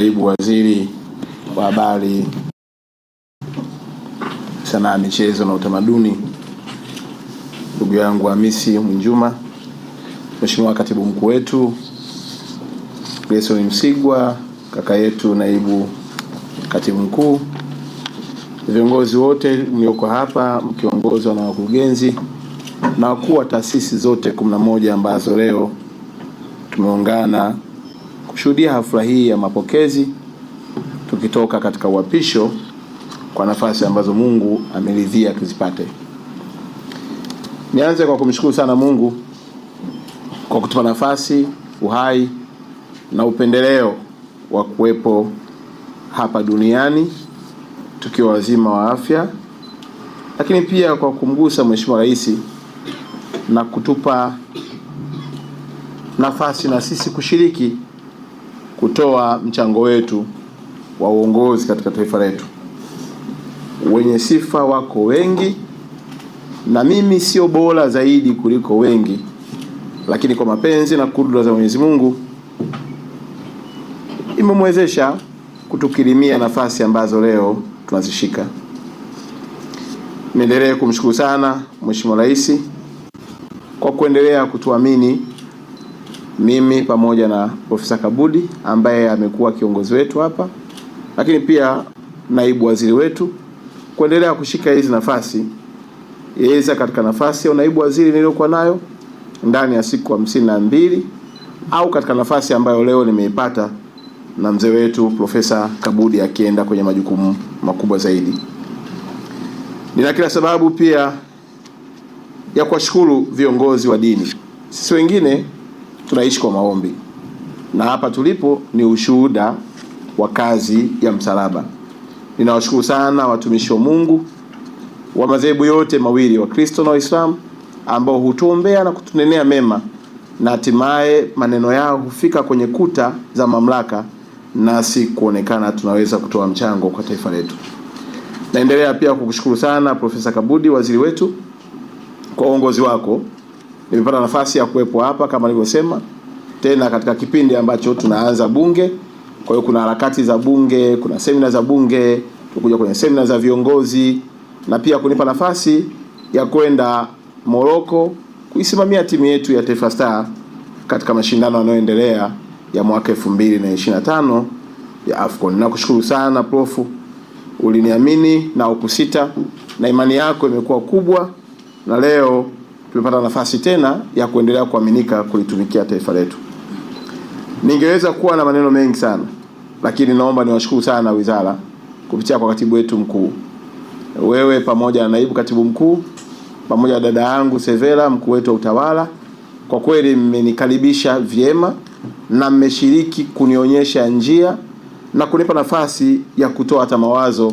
Naibu Waziri wa Habari, Sanaa, Michezo na Utamaduni, ndugu yangu Hamisi Mwinjuma, Mheshimiwa Katibu Mkuu wetu Gerson Msigwa, kaka yetu Naibu Katibu Mkuu, viongozi wote mlioko hapa mkiongozwa na wakurugenzi na wakuu wa taasisi zote kumi na moja ambazo leo tumeungana kushuhudia hafla hii ya mapokezi tukitoka katika uapisho kwa nafasi ambazo Mungu ameridhia tuzipate. Nianze kwa kumshukuru sana Mungu kwa kutupa nafasi, uhai na upendeleo wa kuwepo hapa duniani tukiwa wazima wa afya, lakini pia kwa kumgusa Mheshimiwa Rais na kutupa nafasi na sisi kushiriki kutoa mchango wetu wa uongozi katika taifa letu. Wenye sifa wako wengi, na mimi sio bora zaidi kuliko wengi, lakini kwa mapenzi na kudura za Mwenyezi Mungu imemwezesha kutukirimia nafasi ambazo leo tunazishika. Niendelee kumshukuru sana Mheshimiwa Rais kwa kuendelea kutuamini mimi pamoja na Profesa Kabudi ambaye amekuwa kiongozi wetu hapa, lakini pia naibu waziri wetu kuendelea kushika hizi nafasi iweza katika nafasi ya naibu waziri niliyokuwa nayo ndani ya siku hamsini na mbili au katika nafasi ambayo leo nimeipata na mzee wetu Profesa Kabudi akienda kwenye majukumu makubwa zaidi. Nina kila sababu pia ya kuwashukuru viongozi wa dini, sisi wengine tunaishi kwa maombi, na hapa tulipo ni ushuhuda wa kazi ya msalaba. Ninawashukuru sana watumishi wa Mungu wa madhehebu yote mawili, Wakristo na Waislamu, ambao hutuombea na kutunenea mema na hatimaye maneno yao hufika kwenye kuta za mamlaka, nasi kuonekana tunaweza kutoa mchango kwa taifa letu. Naendelea pia kukushukuru sana Profesa Kabudi, waziri wetu, kwa uongozi wako nimepata nafasi ya kuwepo hapa kama nilivyosema, tena katika kipindi ambacho tunaanza bunge. Kwa hiyo kuna harakati za bunge, kuna semina za bunge, tukuja kwenye semina za viongozi na pia kunipa nafasi ya kwenda Moroko kuisimamia timu yetu ya Taifa Star katika mashindano yanayoendelea ya mwaka 2025 ya Afcon. Nakushukuru sana profu uliniamini na ukusita, na imani yako imekuwa kubwa na leo tumepata nafasi tena ya kuendelea kuaminika kulitumikia taifa letu. Ningeweza kuwa na maneno mengi sana, lakini naomba niwashukuru sana wizara kupitia kwa katibu wetu mkuu, wewe pamoja na naibu katibu mkuu pamoja na dada yangu Severa, mkuu wetu wa utawala. Kwa kweli mmenikaribisha vyema na mmeshiriki kunionyesha njia na kunipa nafasi ya kutoa hata mawazo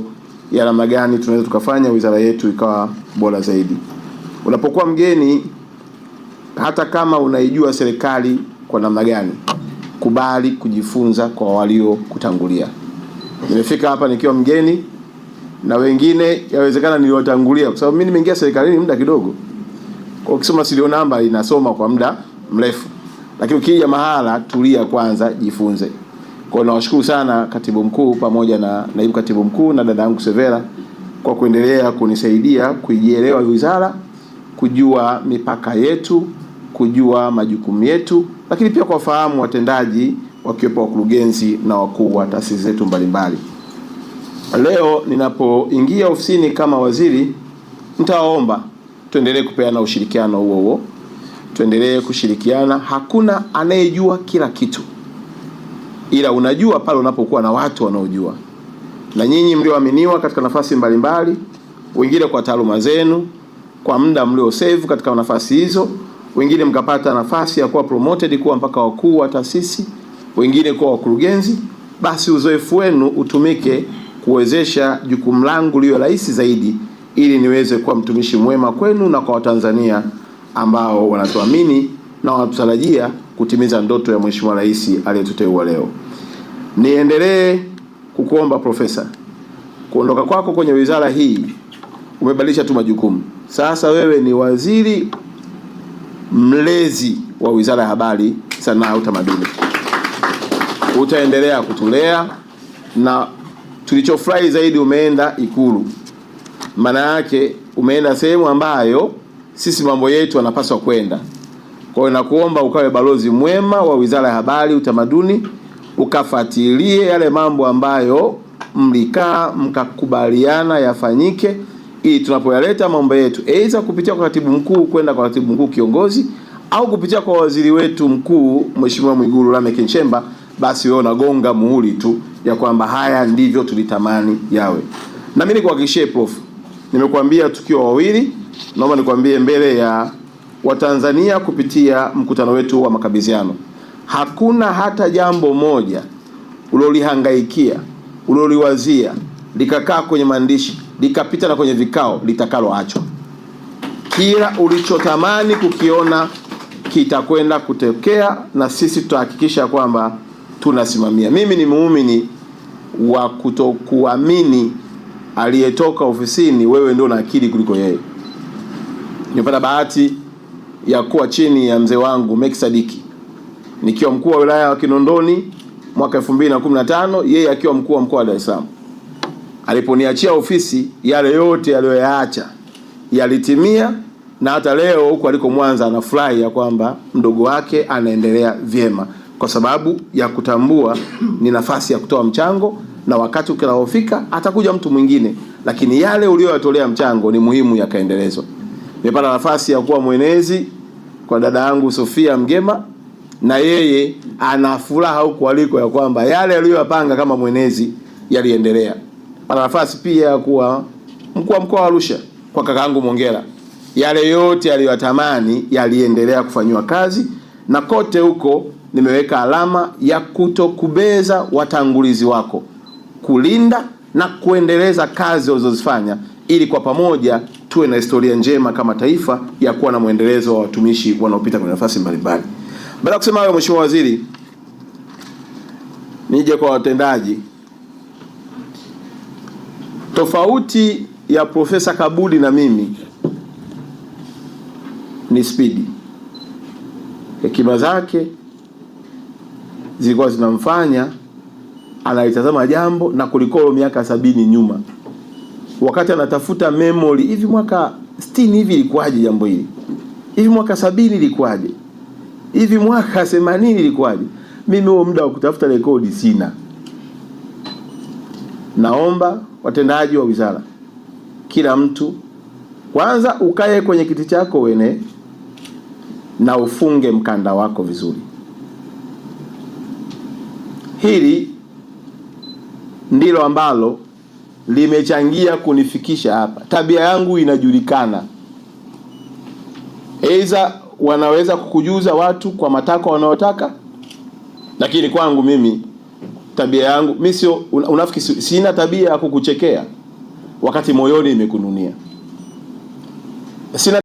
ya namna gani tunaweza tukafanya wizara yetu ikawa bora zaidi. Unapokuwa mgeni, hata kama unaijua serikali kwa namna gani, kubali kujifunza kwa walio kutangulia. Nimefika hapa nikiwa mgeni na wengine yawezekana niliwatangulia, kwa sababu mimi nimeingia serikalini muda kidogo. Kwa ukisoma serial namba inasoma kwa muda mrefu, lakini ukija mahala, tulia kwanza, jifunze. Kwa nawashukuru sana katibu mkuu pamoja na naibu katibu mkuu na dada yangu Severa kwa kuendelea kunisaidia kuijielewa wizara kujua mipaka yetu, kujua majukumu yetu, lakini pia kuwafahamu watendaji wakiwepo wakurugenzi na wakuu wa taasisi zetu mbalimbali. Leo ninapoingia ofisini kama waziri, nitawaomba tuendelee kupeana ushirikiano huo huo, tuendelee kushirikiana. Hakuna anayejua kila kitu, ila unajua pale unapokuwa na watu wanaojua, na nyinyi mlioaminiwa katika nafasi mbalimbali, wengine kwa taaluma zenu kwa muda mlio save katika nafasi hizo, wengine mkapata nafasi ya kuwa promoted kuwa mpaka wakuu wa taasisi, wengine kuwa wakurugenzi, basi uzoefu wenu utumike kuwezesha jukumu langu liwe rahisi zaidi, ili niweze kuwa mtumishi mwema kwenu na kwa Watanzania ambao wanatuamini na wanatutarajia kutimiza ndoto ya Mheshimiwa Rais aliyetuteua leo. Niendelee kukuomba Profesa, kuondoka kwako kwenye wizara hii umebadilisha tu majukumu sasa wewe ni waziri mlezi wa Wizara ya Habari, Sanaa, Utamaduni, utaendelea kutulea, na tulichofurahi zaidi umeenda Ikulu. Maana yake umeenda sehemu ambayo sisi mambo yetu anapaswa kwenda. Kwa hiyo nakuomba ukawe balozi mwema wa Wizara ya Habari, Utamaduni, ukafuatilie yale mambo ambayo mlikaa mkakubaliana yafanyike ili tunapoyaleta mambo yetu aidha kupitia kwa katibu mkuu kwenda kwa katibu mkuu kiongozi au kupitia kwa waziri wetu mkuu Mheshimiwa Mwigulu Lameck Nchemba, basi wewe unagonga muhuri tu ya kwamba haya ndivyo tulitamani yawe. Na mimi nikuhakikishie Prof, nimekuambia tukiwa wawili, naomba nikwambie mbele ya Watanzania kupitia mkutano wetu wa makabidhiano, hakuna hata jambo moja ulolihangaikia, uliloliwazia likakaa kwenye maandishi likapita na kwenye vikao litakaloachwa. Kila ulichotamani kukiona kitakwenda kutokea, na sisi tutahakikisha kwamba tunasimamia. Mimi ni muumini wa kutokuamini aliyetoka ofisini, wewe ndio na akili kuliko yeye. Nimepata bahati ya kuwa chini ya mzee wangu Meki Sadiki nikiwa mkuu wa wilaya wa Kinondoni mwaka 2015 yeye akiwa mkuu wa mkoa wa Dar es Salaam. Aliponiachia ofisi, yale yote aliyoyaacha yalitimia, na hata leo huko aliko Mwanza anafurahi ya kwamba mdogo wake anaendelea vyema, kwa sababu ya kutambua ni nafasi ya kutoa mchango, na wakati ukinaofika atakuja mtu mwingine, lakini yale uliyoyatolea mchango ni muhimu yakaendelezwa. Nimepata nafasi ya kuwa mwenezi kwa dada yangu Sofia Mgema, na yeye ana furaha huko aliko ya kwamba yale aliyoyapanga kama mwenezi yaliendelea ana nafasi pia ya kuwa mkuu wa mkoa wa Arusha kwa kakaangu Mongera. Yale yote yaliyoyatamani yaliendelea kufanyiwa kazi na kote huko nimeweka alama ya kutokubeza watangulizi wako, kulinda na kuendeleza kazi walizozifanya ili kwa pamoja tuwe na historia njema kama taifa ya kuwa na mwendelezo wa watumishi wanaopita kwenye nafasi mbalimbali. Baada ya kusema hayo, Mheshimiwa Waziri, nije kwa watendaji. Tofauti ya Profesa Kabudi na mimi ni spidi. Hekima zake zilikuwa zinamfanya analitazama jambo na kulikolo miaka sabini nyuma, wakati anatafuta memory, hivi mwaka sitini hivi ilikuwaje jambo hili, hivi mwaka sabini ilikuwaje, hivi mwaka themanini ilikuwaje? Mimi huo muda wa kutafuta rekodi sina. Naomba watendaji wa wizara, kila mtu kwanza ukae kwenye kiti chako wene na ufunge mkanda wako vizuri. Hili ndilo ambalo limechangia kunifikisha hapa. Tabia yangu inajulikana, aidha wanaweza kukujuza watu kwa matakwa wanayotaka, lakini kwangu mimi tabia yangu mimi sio unafiki, sina tabia ya kukuchekea wakati moyoni imekununia sina